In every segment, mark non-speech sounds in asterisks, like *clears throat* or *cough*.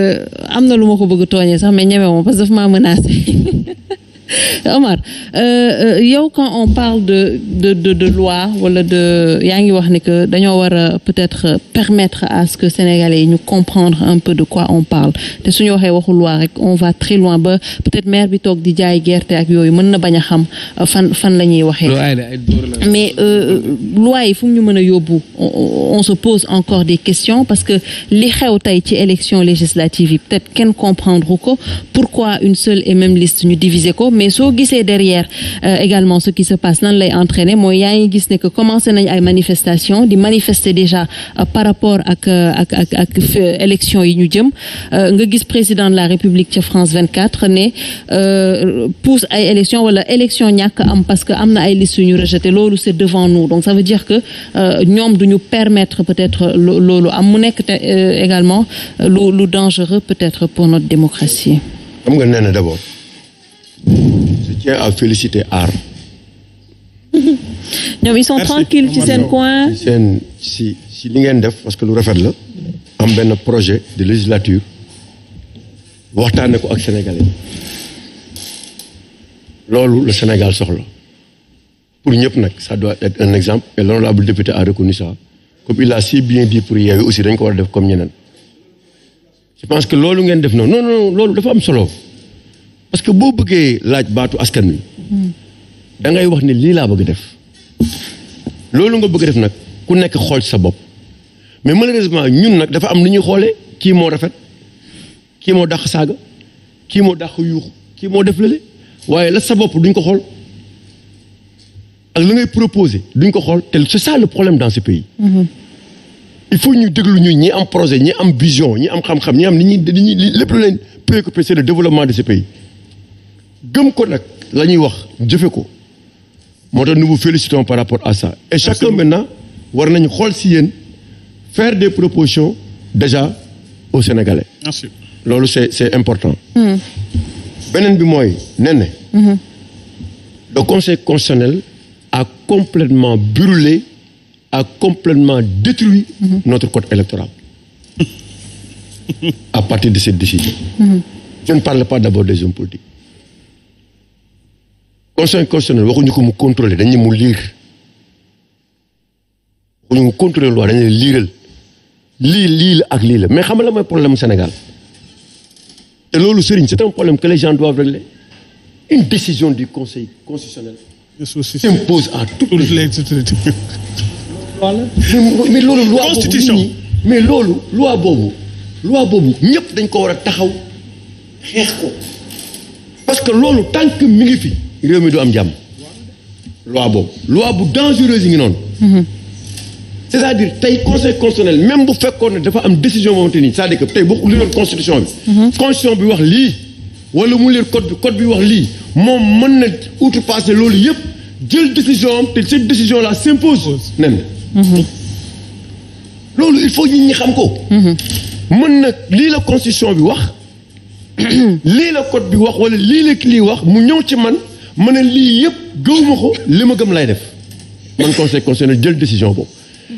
Euh, am na lu ma ko bëgg tooñee sax mais ñeme moom parce que daf maa menacé *laughs* *laughs* Omar euh, euh, yow quand on parle de de de de loi wala de yaa ngi wax ni que dañoo war peut-être permettre à ce que sénégalais yi ñu comprendre un peu de quoi on parle te ñu waxee waxu loi rek on va très loin ba peut-être maire bi toog di jaay gerte ak yooyu mën na bañ a xam euh, fan fan la ñuy waxee. mais loi yi fu ñu mën a yóbbu on se pose encore des questions parce que li xew tey ci élection législative yi peut-être kenn comprendre ko pourquoi une seule et même liste ñu diviser ko mais soo gisee derrière euh, également ce qui se passe lan lay entraîner mooy yaa ngi gis ne que commencé nañ ay manifestation di manifester déjà euh, par rapport ak euh, ak ak ak élection yi ñu jëm nga gis président de la République ca France 24 ne pousse ay élection wala élection ñàkk am parce que am na ay liste ñu rejeté loolu c'est devant nous donc ça veut dire que ñoom du ñu permettre peut-être loolu am mu nekk te également lu lu dangereux peut-être pour notre je tiens à féliciter Aar. *laughs* ñoom ils sont tranquilles ci seen coin. ci seen si si li ngeen def parce que lu rafet la. am benn projet de législature waxtaane ko ak sénégalais loolu le Sénégal soxla pour ñëpp nag sa doit être un exemple et l'honorable député a reconnu ça comme il a si bien dit pour Yewwi aussi dañ ko war a def comme ñeneen je pense que loolu ngeen def noonu non non loolu dafa am solo. que boo bëggee laaj baatu askan wi da ngay wax ni lii laa bëgg def loolu nga bëgg def nag ku nekk xool sa bopp mais malheureusement ñun nag dafa am ni ñuy xoolee kii moo rafet kii moo dàq saaga kii moo dàq yuuxu kii moo def lële waaye la sa bopp duñ ko xool ak la ngay proposé duñ ko xool te c'est ça le problème dans ce pays. Mm-hmm. il faut ñu déglu ñu ñi am projet ñi am vision ñi am xam-xam ñi am ni ñuy lépp lu leen préoccupé c'est le développement de ce pays. gëm ko nag la ñuy wax jëfe ko moo tax nous vous félicitons par rapport à ça et chacun maintenant war nañu xool si yéen faire des propositions déjà aux Sénégalais loolu c'est c'est important hmm. beneen bi mooy nen ne hmm. le conseil constitutionnel a complètement brûlé a complètement détruit hmm. notre code électoral *laughs* à partir de cette décision je ne parle pas d'abord des hommes politiques conseil constitutionnel waxuñu ko mu contrôler dañu mu liir waxuñu mu contrôler liiral lii lii la ak lii la mais xam nga la mooy problème Sénégal te loolu Serigne c'est un problème que les gens doivent régler une décision du conseil constitutionnel s'impose à toutes les autorités voilà mais loolu loi boobu mais loolu loi boobu loi boobu ñëpp dañ ko war a taxaw xeex ko parce que loolu tant que mi ngi fi réew mi du am jàmm loi boobu loi bu dangereuse yi ngi noonu mhm. c'est-à-dire tey conseil constitutionnel même bu fekkoon ne dafa am décision moom te nii c'est-à-dire que tey bu li doon constitution bi mhm. constitution bi wax lii bi code bi moom mën na outrepassé loolu yëpp jël décision am te cette décision là s'impose nen mhm. loolu il faut nit ñi xam ko mën na lii la constitution bi wax *clears throat* lii la code bi wax wala lii la lii wax mu ñëw ci man ma ne lii yëpp gëwuma ko li ma gëm lay def man conseil na jël décision boobu.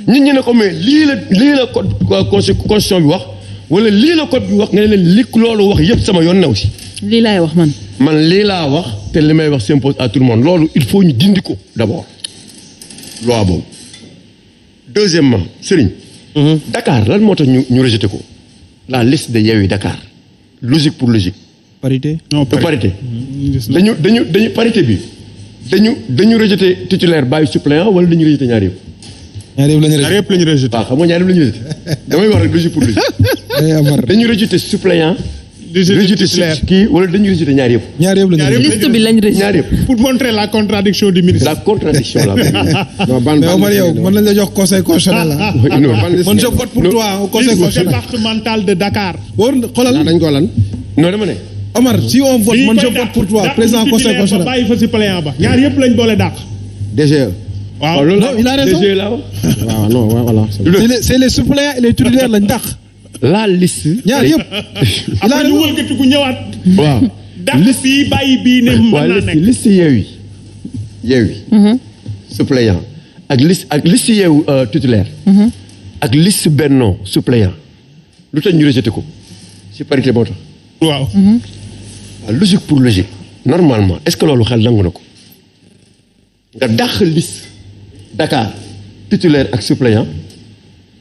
nit ñi ne ko mais lii la lii la code constitution bi wax wala lii la code bi wax nga ne leen li loolu wax yëpp sama yoon new si. lii laay wax man. man lii laa wax te li may wax s'impose à tout le loolu il faut ñu dindi ko d'abord loi boobu deuxièmement Serigne. Mhm. Dakar lan moo tax ñu ñu rejeté ko la liste de Yewwi Dakar logique pour logique. parité non parité mm, dañu dañu dañu parité bi dañu dañu rejeté titulaire bàyyi suppléant wala dañu rejeté ñaar yëpp. ñaar yëpp la ñu rejeté waaw ah, xam nga ñaar yëpp la ñu rejeté damay wax rek logique pour logique. *laughs* dañu rejeté suppléant. rejeté titulaire kii wala dañu rejeté ñaar yëpp. ñaar yëpp la ñu rejeté liste bi la ñu rejeté ñaar yëpp. pour montrer la contradiction du ministre. la contradiction la. *laughs* non ban ban mais yow mën nañu la jox conseil constitutionnel la. *laughs* non ban man je vote pour toi au conseil constitutionnel départemental de Dakar. wóor na xoolal dañ ko lan non dama ne. Omar si on vote man je vote pour toi président conseil constitutionnel bàyyi fa si ba ñaar yëpp lañ boole dàq. DGE. la il a raison DGE la *laughs* waaw non voilà. c'est les suppléants et les titulaires lañ dàq. la liste. ñaar yëpp. *laughs* a raison après ñu wëlgatiku ñëwaat. waaw dàq bàyyi bii ne mën naa nekk mhm. suppléant ak liste ak liste Yewwi euh, titulaire. Mhm. ak liste Benno suppléant lu tax ñu rejeté ko ci parité moo logique pour logique normalement est-ce que loolu xel nangu na ko nga dàq liste Dakar titulaire ak suppléant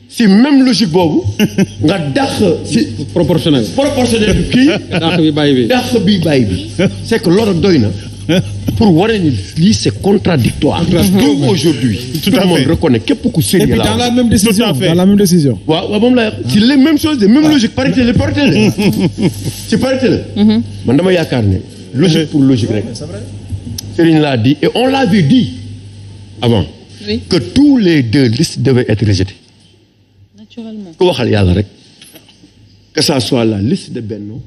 si même logique boobu *laughs* nga dàq si proportionnel proportionnel bi kii *laughs* dàq bi bàyyi bi dàq bi bàyyi bi c'est que loolu doy na pour waree ni lii c'est contradictoire tout aujourd'hui tout le reconnaît képp ku sérieux la la même décision dans la même décision waaw waaw moom laa ah. ci les mêmes choses les mêmes logiques parité la parité la *laughs* ci mhm. man dama yaakaar ne logique pour logique rek Serigne l'a dit et on l'avait dit avant oui. que tous les deux listes devaient être rejetées naturellement ku waxal yàlla rek que ça soit la liste de Benno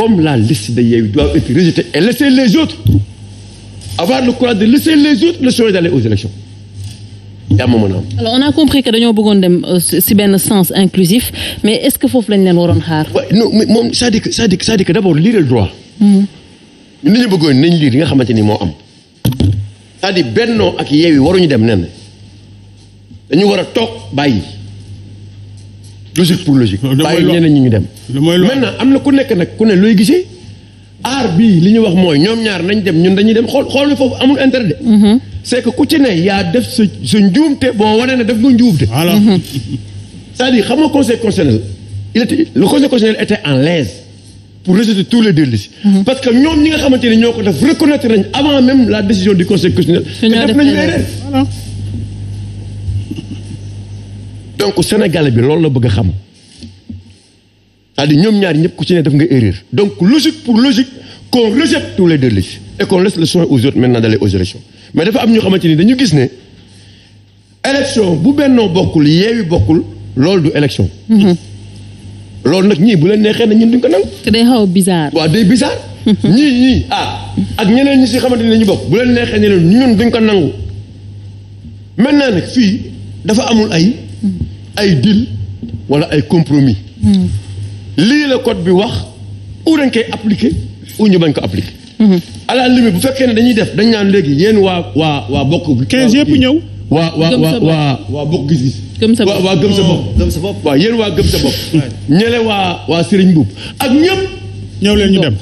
comme la liste de Yewwi doit être rejetée et laisser les autres avoir le courage de laisser les autres le choix d'aller aux élections yaa ma mën a am. alors on a compris que dañoo bëggoon dem euh, si benn sens inclusif mais est-ce que foofu lañ leen waroon xaar. non moom c'est-à-dire que c'est-à-dire que c'est-à-dire que hmm. bëggoon nañ lire yi nga xamante ni moo am. c'est-à-dire Benno ak Yewwi waruñu dem nen dañu war a toog bàyyi. logique pour logique. bàyyi ñeneen ñi ñu dem. maintenant am na ku nekk nag ku ne looy gisee. aar li ñu wax mooy ñoom ñaar nañ dem ñun dañuy dem xool xool foofu amul intérêt de. Mhm. c'est que ku ci ne yaa def sa sa njuumte ne def nga njuumte. voilà mhm. *laughs* c'est-à-dire xam nga conseil constitutionnel il était le conseil constitutionnel était en l'aise pour mhm. parce que ñoom ñi nga xamante ne ñoo ko def reconnaître nañ avant même la décision du conseil constitutionnel. def nañu erreur donc Sénégalais bi loolu la bëgg a xam c'est-à-dire ñoom ñaar ñëpp ku ci ne def nga erreur donc logique pour logique qu'on rejette tous les deux listes et qu'on laisse le soin aux autres mais dafa am ñoo xamante ni dañu gis ne élection bu bennoo bokkul yeewi bokkul loolu du élection mhm. loolu nag ñii bu leen neexee na ñun duñ ko nangu. te day xaw a bizarre. waaw day bizarre. Mhm. ñii ñii ah ak ñeneen ñi si xamante ne ñu bokk bu leen neexee ne ñu ñun duñ ko nangu maintenant nag fii dafa amul ay. ay deal wala ay compromis lii la code bi wax ou dañ koy appliquer ou ñu bañ ko appliquer mhm. à la bu fekkee ne dañuy def dañ naan léegi yéen waa waa waa bokk quinze yëpp ñëw waa waa waa waa waa bokk gis-gis waa waa sa bopp gëm sa bopp waaw yéen waa gëm sa bopp ñele waa waa Serigne Mboup ak ñëpp ñëw leen ñu dem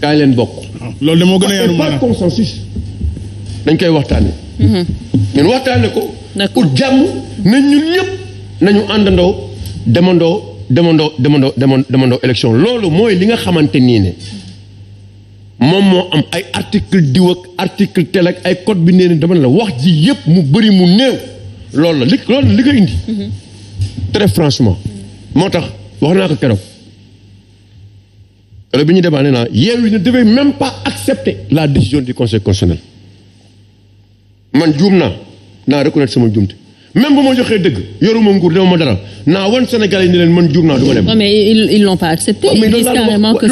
kaay leen bokk ah, loolu de moo gën a yaanu maanaam par consensus dañ koy waxtaane mhm. ñun waxtaane ko pour jàmm nañ ñun ñëpp nañu àndandoo demandoo demandoo demandoo demandoo élection loolu mooy li nga xamante nii ne moom moo am ay article diw ak article tel ak ay code bi nee dama ne la wax ji yëpp mu bëri mu néew loolu la li loolu li ko indi mm-hmm. très franchement moo tax wax naa ko keroog loolu bi ñu débat nee naa yeew yi ne devait même pas accepter la décision du conseil constitutionnel man juum naa naa reconnaître sama juumte même bu ma joxee dëgg yoruma nguur dama ma dara naa wan sénégal yi ni leen man juum naa du ma dem. non mais ils ils l'ont pas accepté. Ah, ils disent carrément que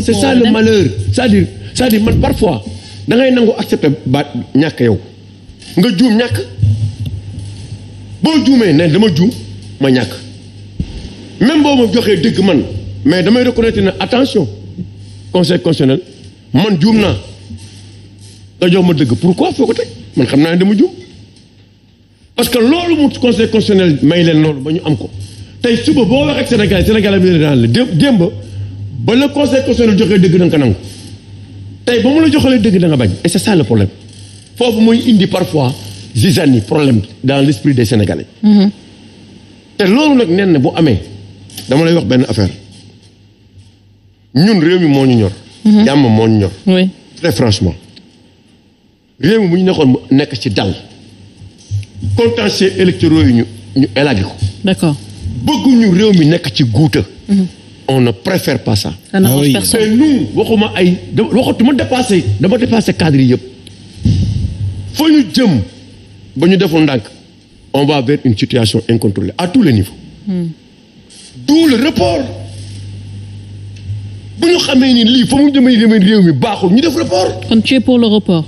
c'est ça le malheur c'est-à-dire c'est-à-dire man parfois da ngay baat ñàkk yow nga juum ñàkk boo juumee ne dama juum ma ñàkk même boo ma joxee dëgg man mais damay reconnaître ne attention conseil constitutionnel man juum naa nga jox ma dëgg pourquoi foo ko teg man xam naa ne dama juum. parce que loolu mu conseil constitutionnel may leen loolu ba ñu am ko tey suba boo wax ak Sénégal Sénégal bi daan démb ba la conseil constitutionnel joxee dégg da nga ko nangu tey ba mu la joxalee dégg da nga bañ et c'est ça le problème foofu mooy indi parfois zizanie problème dans l'esprit de Sénégalais. Mm-hmm. te loolu nag nen bu amee dama lay wax benn affaire ñun réew mi moo ñu ñor. Mm-hmm. jàmm moo ñu ñor. oui franchement réew mi bu ñu nekkoon nekk ci dal. contentieux électoraux yi ñu ñu élagué ko. d'accord bëgguñu réew mi nekk ci guuta mm-hmm. on ne préfère pas ça. xanaa ah oui. mais nous waxuma ay waxatuma dama dépassé cadre yi yëpp ñu jëm ba ñu defoon ndànk on va vers une situation incontrôlée à tous les niveaux. Mm. le report. bu ñu xamee ni lii fa mu jëmee jëmee réew mi baaxul ñu def report. kon tu pour le report.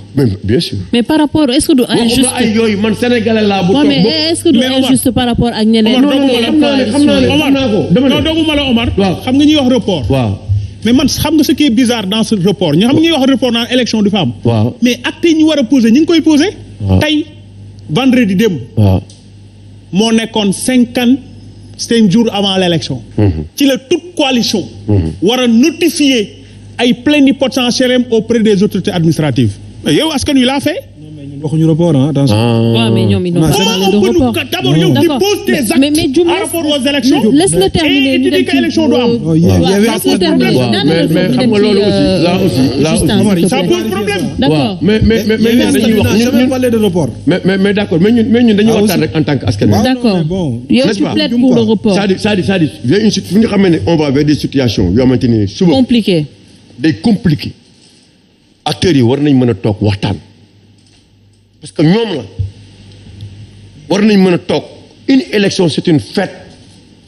mais par rapport est-ce que du injuste. waxuma ay yooyu man sénégalais laa bu. toog mais est-ce par rapport ak ñeneen. non non xam naa Omar. xam nga ñuy wax report. waaw mais man xam nga ce qui est bizarre dans ce report ñu xam nga ñuy wax report naan élection du fa am. waaw mais acte yi ñu war a poser ñu ngi koy poser. waaw vendredi démb. moo nekkoon cinquante. c'était un jour avant l'élection mm-hmm. ci la toute coalition mm-hmm. war a notifier ay plénipotentiaires auprès des autorités administratives mais yow askan wi laa fait waxuñu report ah attention. waaw mais ñoom ils n'ont pas parlé de report. d'abord yow tu poses tes actes par rapport aux élections. laisse-le terminer ñu dem ci laisse le terminer mais mais xam nga loolu aussi euh, là aussi euh, là aussi ça pose problème. d'accord mais mais mais ñun dañuy wax ñun mais mais mais d'accord mais ñun mais ñun dañuy ah, waxtaan rek en tant que askan wi. d'accord yow tu plaides pour le report. c'est-à-dire c'est-à-dire c'est-à-dire il y a une fu ñu xamee ne on va vers des situations yoo xamante ni suba. compliqué day compliqué acteurs yi war nañ mën a toog waxtaan. parce que ñoom la war nañ mën a toog une élection c'est une fête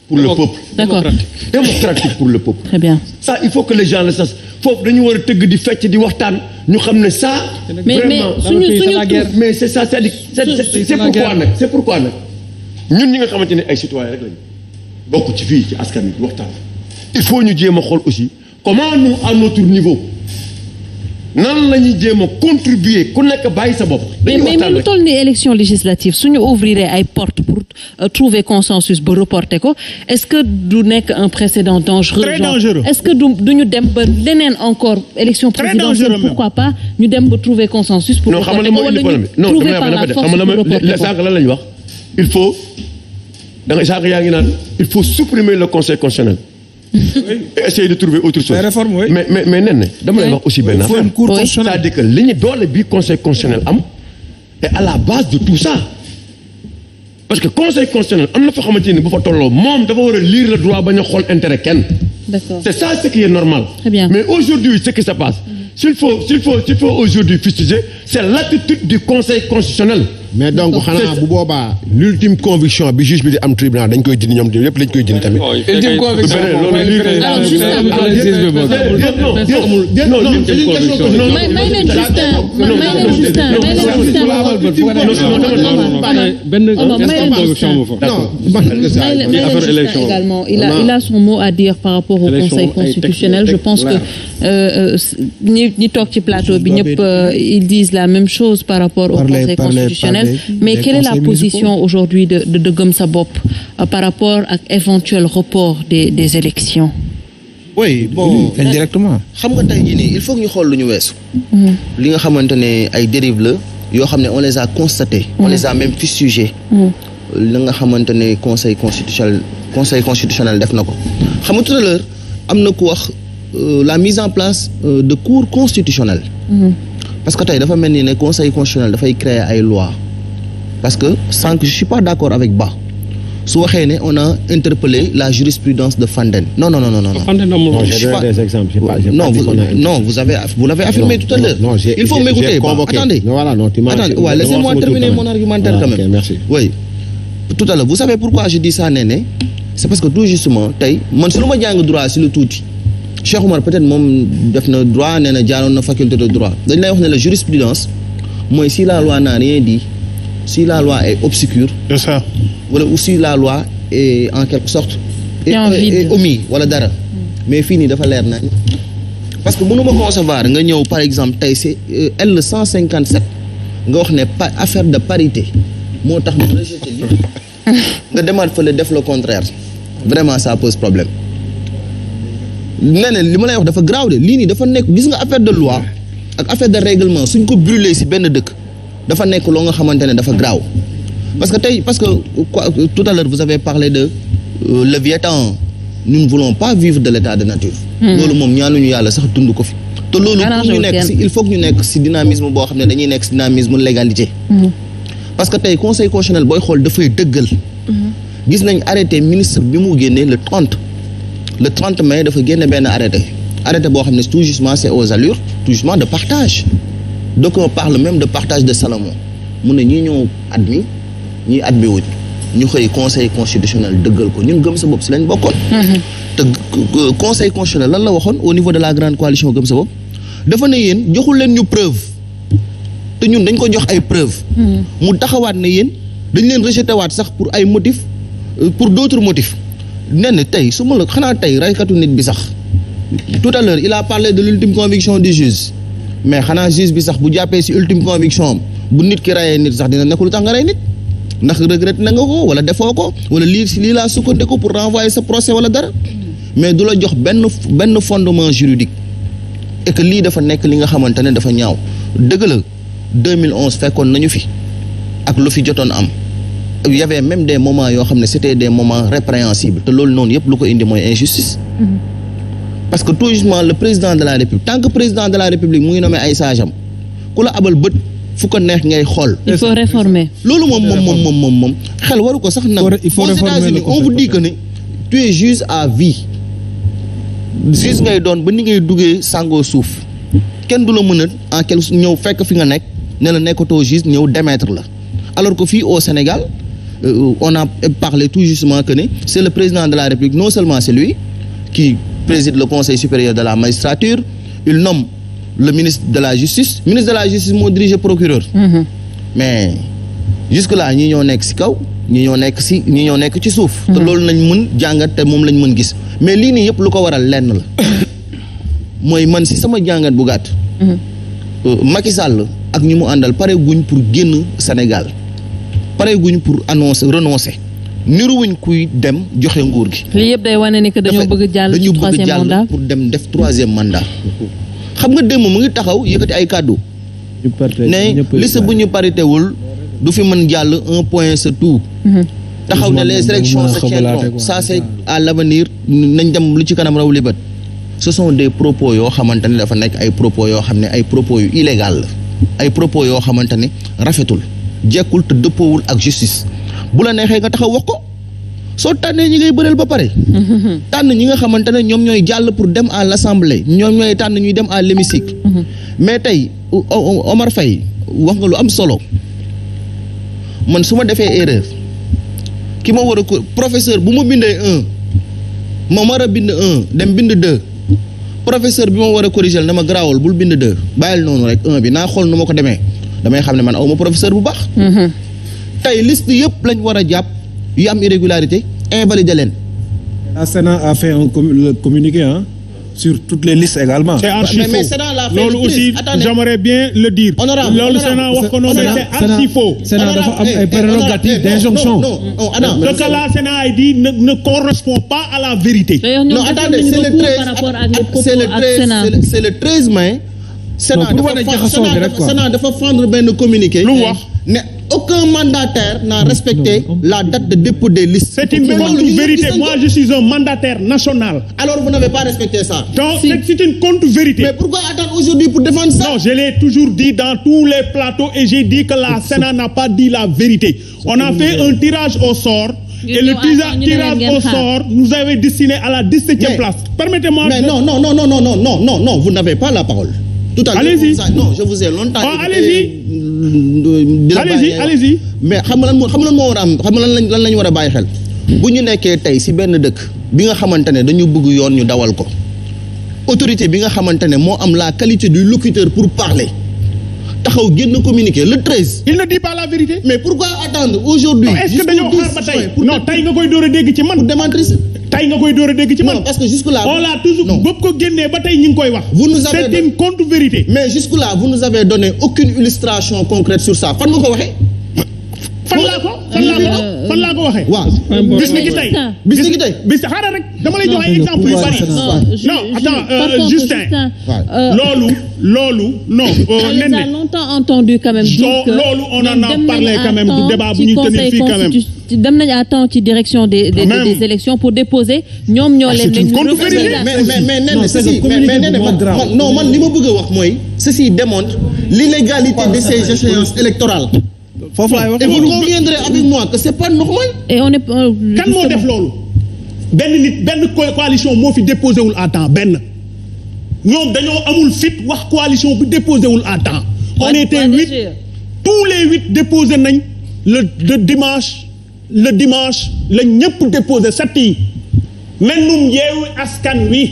pour le peuple démocratique démocratique pour le peuple très bien ça il faut que les gens le sachent foofu dañu war a tëgg di fecc di waxtaan ñu xam ne ça vraiment suñu suñu mais c'est ça c'est-à-dire c'est pourquoi nag c'est pourquoi nag ñun ñi nga xamante ne ay citoyens rek lañu bokk ci fii ci askan wi waxtaan il faut ñu jéem a xool aussi comment nous à notre niveau nan la ñuy jéem a contribuer ku nekk bàyyi sa bopp. dañuy mais mais lu toll ni élection législative suñu ouvriree ay porte pour euh, trouver consensus ba reporter ko est-ce que du nekk un précédent dangereux. très dangereux est-ce que du du ñu dem leneen encore. élection présidentielle pourquoi pas ñu dem ba trouver consensus. pour reporter ko wala ñu trouver par la force pour la ñu wax. il faut da nga sànq yaa ngi naan il faut supprimer le conseil constitutionnel. essayer de trouver autre chose. Réforme, oui. mais mais mais dama leen wax aussi benn affaire. c'est-à-dire que li ñu doole bi conseil constitutionnel am est à la base de tout ça parce que conseil constitutionnel am na foo xamante ne bu fa tolloo moom dafa war a lire le droit bañ a xool intérêt kenn. d'accord c'est ça ce qui est normal. mais aujourd'hui ce qui se passe. s'il faut s'il faut s'il faut aujourd'hui fustiger c'est l'attitude du conseil constitutionnel. mais donc xanaa bu boobaa l'ultime conviction bi juge bi di am tribunal dañ koy jënd ñoom lépp lañ koy jënd tamit. ultime conviction également il a il a son mot à dire par rapport au conseil constitutionnel je pense que euh, euh, ñi ñi toog ci plateau bi ñëpp euh, ils la même chose par rapport au conseil constitutionnel culturelle mais quelle est la position aujourd'hui de de Sa Bopp euh, par rapport ak éventuel report des des élections oui bon mmh, indirectement xam nga tey jii nii il faut ñu xool lu ñu weesu mmh. li nga xamante ne ay dérives la yoo xam ne on les a constaté on mmh. les a même fustigé li nga xamante ne conseil constitutionnel conseil constitutionnel def na ko xam nga tout à l'heure am na ku wax euh, la mise en place euh, de cours constitutionnel parce que tey dafa mel ni ne conseil constitutionnel dafay créer ay lois parce que sans que je suis pas d'accord avec Ba su waxee ne on a interpellé la jurisprudence de Fanden non non non non non. vous non vous avez vous l'avez tout à l'heure. il faut m'écouter Ba attendez. voilà non tu m'as attendez waaw terminer mon argumentaire quand même. tout à l'heure vous savez pourquoi je dis ça Néné c'est parce que tout justement tey man su ma jàng droit si lu tuuti. Cheikh Omar peut-être moom def na droit nee na jaaroon na faculté de droit dañ lay wax ne la jurisprudence si la loi est obscure. c'est ça. wala ou la loi est en quelque sorte. est omis wala dara. Hmm. mais fii nii dafa leer nañ parce que mënu ma concevoir nga ñëw par exemple tey c'est euh, L 157 nga wax ne pa affaire de parité moo tax *laughs* nga demaat fële def le contraire vraiment ça pose problème. nee na li ma lay wax dafa grave de lii nii dafa nekk gis nga affaire de loi ak affaire de réglement suñ ko brûler si benn dëkk. dafa nekk loo nga xamante ne dafa graaw parce que tey parce que quoi, tout à l'heure vous avez de euh, le Vietnam nous ne voulons pas vivre de l'état de nature hmm. loolu moom ñaanuñu yàlla sax dund ko fi te loolu pour ñu nekk si il faut que ñu nekk si dynamisme boo xam ne dañuy nekk si dynamisme légalité hmm. parce que tey conseil constitutionnel booy xool dafay dëggal hmm. gis nañ arrêté ministre bi mu génnee le 30 le 30 mai dafa génne benn arrêté arrêté boo xam ne tout justement c'est aux allures tout justement partage donc on parle même de partage de Salomon mu ne ñi ñoo admis ñi admis wuñ ñu xëy conseil constitutionnel dëggal ko ñun gëm sa bopp si lañ bokkoon. Mhm. te conseil constitutionnel lan la waxoon au niveau de la grande coalition gëm sa bopp dafa ne yéen joxul leen ñu preuve te ñun dañ ko jox ay preuve mhm. mu taxawaat ne yéen dañ leen rejeté waat sax pour ay motifs euh, pour d'autres motifs nee na tey su ma la xanaa tey raykatu nit bi sax tout à l'heure il a parlé de l'ultime conviction du mais xanaa juge bi sax bu jàppee si ultime conviction am bu nit ki rayee nit sax dina nekkul lu tax nga rey nit ndax regret na nga ko wala defoo ko wala lii lii laa sukkandiku pour renvoyer sa procès wala dara mais du la jox benn benn fondement juridique et que lii dafa nekk li nga xamante ne dafa ñaaw dëgg la 2011 fekkoon nañu fi ak lu fi jotoon am il y de moment yoo xam ne c'était des moment répréhensibles te loolu noonu yëpp lu ko indi mooy injustice. Mm-hmm. parce que tout justement le président de la république tant que président de la république muy nommé ay saagam ku la abal bët fu ko neex ngay xool. il loolu moom moom moom moom moom xel waru ko sax nag. il faut réformer aux États-Unis on ne tu es à vie. juge ngay doon ba ni ngay duggee sangoo suuf kenn du la mën a en quelque ñëw fekk fi nga nekk ne la nekkatoo juge ñëw démettre la alors que fii au Sénégal euh, on a parlé tout justement que ne c'est le président de la République non seulement c'est lui qui. préside le conseil supérieur de la magistrature il nomme le ministre de la justice ministre de la justice moo dirige procureur mhm. mais jusque là ñi ñoo nekk si kaw ñi ñoo nekk si ñi ñoo nekk ci suuf te mhm. loolu lañ mën jàngat te moom lañ mën gis mais lii nii yëpp lu ko waral lenn la mooy man si sama jàngat bu gàtt mhm. euh, Macky Sall ak ñi mu àndal pare guñ pour génn Sénégal pare guñ pour annoncer renoncer wuñ kuy dem joxe nguur gi. lii yëpp day wane ni que dañoo bëgg jàll. dañu bëgg jàll pour dem def troisième mandat. xam nga démb mu ngi taxaw yëkkati ay kàddu. ne liste bu ñu parité wul du fi mën jàll un point c'est tout. Mhm. taxaw ne les élections se tiendront ça c'est à l'avenir nañ dem lu ci kanam raw li bët des propos yoo xamante ne dafa nekk ay propos yoo xam ne ay propos yu illégal la ay yoo xamante ne rafetul jekkul te dëppoowul ak justice. bu la neexee nga taxaw wax ko soo tànnee ñi ngay bëreel ba pare. tànn ñi nga xamante ne ñoom ñooy jàll pour dem à l' assemblée ñoom ñooy tànn ñuy dem à l' mais tey Omar Faye wax nga lu am solo man su ma defee erreur ki ma war a ko professeur bu ma bindee un ma a bind un dem bind deux professeur bi ma war a corriger dama garaawal bul bind deux bàyyil noonu rek bi naa xool nu ma ko demee damay xam ne man aw ma professeur bu baax. tey liste yëpp lañ war a jàpp yu am irrégularité invalidé leen. la Sénat a fait un communiqué sur toutes les listes également. l'a fait loolu aussi le dire. honorable loolu Sénat wax ko noonu c'est eh, eh, eh, d'injonction. non non oh, non la a dit ne ne correspond pas à la vérité. non attendez c'est le 13 c'est le 13 communiqué. lu wax aucun mandataire n'a respecté non, la date de dépôt des listes. C'est une contre-vérité. Moi, je suis un mandataire national. Alors, vous n'avez pas respecté ça. Donc, si. c'est une contre-vérité. Mais pourquoi attendre aujourd'hui pour défendre ça Non, je l'ai toujours dit dans tous les plateaux et j'ai dit que la Sénat n'a pas dit la vérité. On a fait un tirage au sort. Et le tirage au sort nous avait destiné à la 17e place. Permettez-moi. non, non, non, non, non, vous n'avez pas la parole. tout à l'heure non je vous ai longtemps. oh allez-y euh, allez mais xam nga lan moo xam nga moo war a am xam nga lan lañ lan lañ war a bàyyi xel. bu ñu nekkee tey si benn dëkk bi nga xamante ne dañu bëgg yoon ñu dawal ko autorité bi nga xamante ne moo am la qualité du locuteur pour parler taxaw génn communiquer le treize. il ne dit la vérité. mais pourquoi attendre aujourd'hui. est-ce que dañoo xaar ba tey nga koy door a dégg ci man. pour tey nga koy door a dégg ci man. parce que jusque là. on ko génnee ba tey ñu ngi koy wax. vous nous avez c'est une contre vérité. mais jusque là vous nous avez donné aucune illustration concrète sur ça fan nga ko waxee. fan laa ko fan laa ko laa ko waxee. waaw bis ni ki tey. bis ni ki tey bis xaaral rek dama lay jox ay exemple yu bari. non attends euh, Justin. Euh, loolu loolu non. nee nañ longtemps entendu quand même. donc loolu on en a parlé quand même du débat bu ñuy tenir fii nañ à temps ci direction des des des élections pour déposer ñoom ñoo ah, leen. leen ñu mais mais mais nee na ceci mais nee na li ma bëgg a wax mooy. ceci démontre l'illégalité de ces échéances électorales. foofu laay waxee. et vous conviendrez avec moi que c'est pas normal. et on est euh, kan moo def loolu. benn nit benn coalition moo fi déposé wul à temps benn ñoom dañoo amul fit wax coalition bu déposé wul à temps. on était huit tous les huit déposé nañ le le dimanche le dimanche la ñëpp déposé sept yi. mais ñun yeewu askan wi.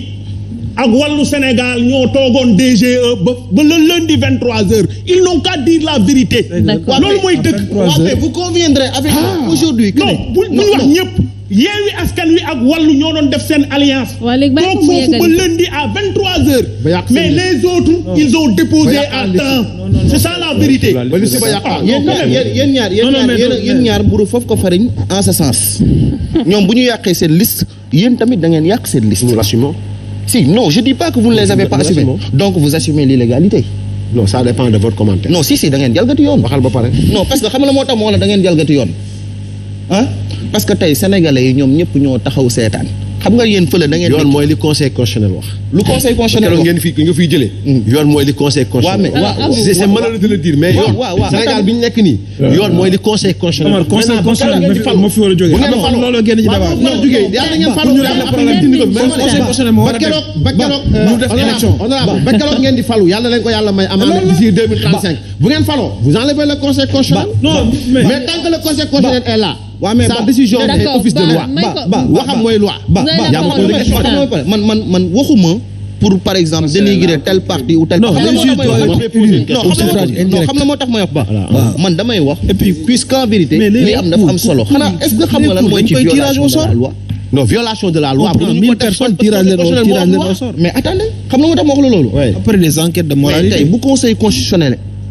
ak wallu Sénégal ñoo toogoon DGE ba ba le lundi 23h ils n'ont qu'à dire la vérité. d'accord loolu mooy dëgg. waaw mais vous conviendrez avec ah. moi aujourd'hui que non bu ñu wax ñëpp. yeewi askan wi ak wàllu ñoo doon def seen alliance. waaw léegi bàyyi ko mu yeggali foofu ba lundi à 23h. mais les autres ils ont déposé à temps. c'est ça la vérité. ba li si ba yàq ah, ah yéen ñaar yéen ñaar yéen foofu ko fariñ en ce sens. ñoom bu ñu yàqee seen liste yéen tamit da ngeen yàq seen liste. nous l'assumons. si non je dis pas que vous ne les pas assumés donc vous assumez l'illégalité non si si da jalgati yoon. waxal ba parce que xam la moo tax moo la da jalgati yoon ah parce que yi ñoom ñëpp ñoo taxaw seetaan. xam nga yéen fële da ngeen. yoon mooy li conseil constitutionnel wax. lu conseil constitutionnel wax ngeen fi nga fiy jëlee. yoon mooy li conseil constitutionnel. waaw mais waaw c'est malheureux de le dire mais. yoon Sénégal bi ñu nekk nii. yoon mooy li conseil constitutionnel. conseil constitutionnel ma fi fal ma fi war a jógee. bu ngeen faloo looloo génn ci débat. non non yàlla ngeen faloo ñu régler problème dindi ko mais conseil constitutionnel moo war a def ba keroog ñu def élection honorable ba keroog ngeen di falu yàlla leen ko yàlla may amaana d'ici 2035 bu ngeen faloo vous enlevez le conseil constitutionnel. non mais tant que le conseil constitutionnel est là waaw mais sa décision de office de loi ba waxam mooy loi ba yaa man man man waxuma pour par exemple dénigrer tel parti ou tel. non xam na moo tax may wax ba. man damay wax. et puisqu'en vérité. li am dafa am solo. xanaa est-ce que xam violation de la loi. non violation de la na moo tax ma wax la après les enquêtes de moralité bu conseil constitutionnel.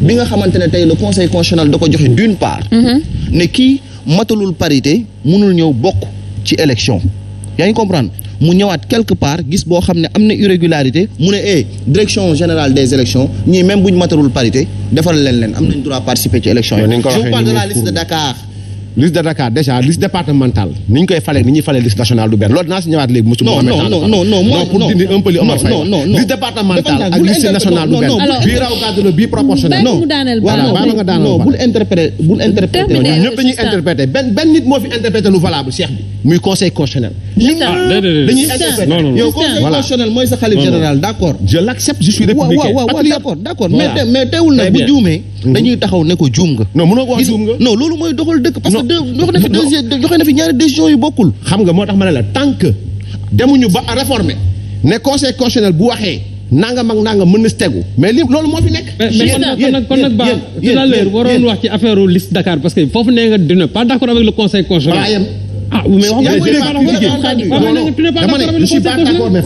bi nga xamante ne tey le conseil constitutionnel da ko joxe d'une part mhm. ne kii matalul parité mënul ñëw bokk ci élection yaa ngi comprendre mu ñëwaat quelque part gis boo xam ne am na irrégularité mu ne eh direction générale des élections ñii même buñ matalul parité defal leen leen am nañ droit participer ci élection yi je vous parle de la liste Dakar liste de Dakar déjà liste départementale ni koy falee ni falee liste nationale du loolu dinaa si ñëwaat léegi mosu. non non non nga daanoo bul interpréter bul interpréter ñëpp benn nit moo fi interpréter lu valable Cheikh bi muy conseil conseil constitutionnel mooy sa xalif général d'accord. je l'accepte mais teewul nag bu juumee. Mm-hmm. dañuy taxaw ne juum nga. non mënoo ko wax juum nga. non loolu mooy doxal dëkk non joxe na fi deux joxe na fi ñaari décision yu bokkul. xam nga moo tax ma ne la tant demuñu ba réformer ne conseil constitutionnel bu waxee. nangam ak nangam mën na si tegu mais li loolu moo fi nekk. yéen mais kon nag kon nag waroon wax ci affaire liste Dakar parce que foofu nee nga dina pas d'accord avec le conseil constitutionnel. ah mais wax nga je suis pas d'accord mais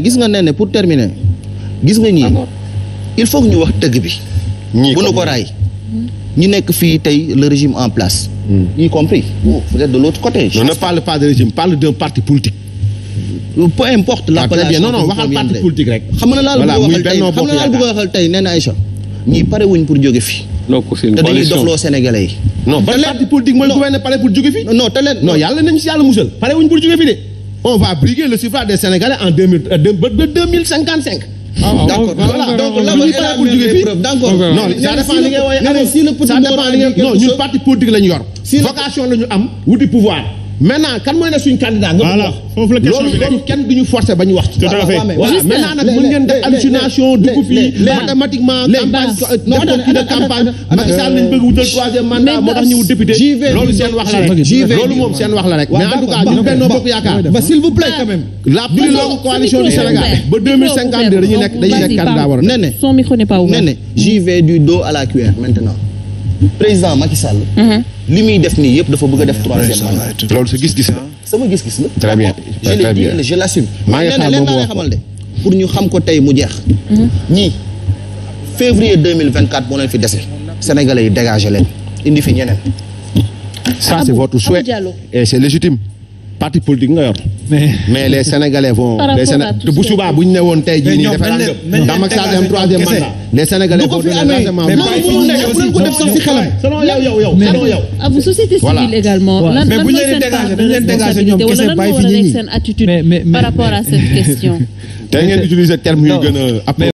gis nga ne pour terminer gis nga ñii il faut ñu wax dëgg bi. bu nu ko ñi nekk fii tey le régime en place. Hmm. y compris vous êtes de l'autre côté. je parle pas de régime parle d'un parti politique. peu importe l'appellation ah, non non waxal parti politique rek. xam nga laal bu waxal tey xam nga ñii pare wuñ pour jóge fi. te dañuy dofloo sénégalais yi. non ba parti politique mooy gouverner pare pour jóge fi. non te leen non yàlla nañu si yàlla musal pare wuñ pour jóge fi de. on va briguer le suffrage des sénégalais en deux mille ba deux la pare lañu am wuti pouvoir. maintenant kan mooy ne suñ candidat nga voilà kenn duñu forcer ba ñu wax ci. maintenant nag mën ngeen def hallucination dugg fii mathématiquement campagne euh, bëgg wutal troisième mandat moo tax ñu député loolu loolu seen wax la rek mais en tout Benno Bokk Yaakaar s'il vous plaît la plus longue du Sénégal ba 2050 dañuy nekk dañuy nekk candidat war a nene son micro n'est pas ouvert du dos à la cuillère maintenant président Macky li muy def nii yëpp dafa bëgg def troisième loolu sa gis-gis la. sama gis-gis la. très bien très bien je le je l' assume. maa ngi xaar boobu wax xamal de pour ñu xam ko tey mu jeex. Mhm. ñii février deux mille vingt quatre moo leen fi dese. sénégalais yi dégagé leen indi fi ñeneen. ça c'est su souhait et c'est légitime. parti politique nga yor. mais les sénégalais vont. les bu subaa bu ñu ne woon tey jii nii. mais ñoom nañ troisième les sénégalais vont bu ko def xelam. selon yow yow yow selon société civile également. lan lan mooy seen part de responsabilité wala lan moo war a nekk seen attitude. par rapport à cette question. da ngeen utiliser terme yu gën a.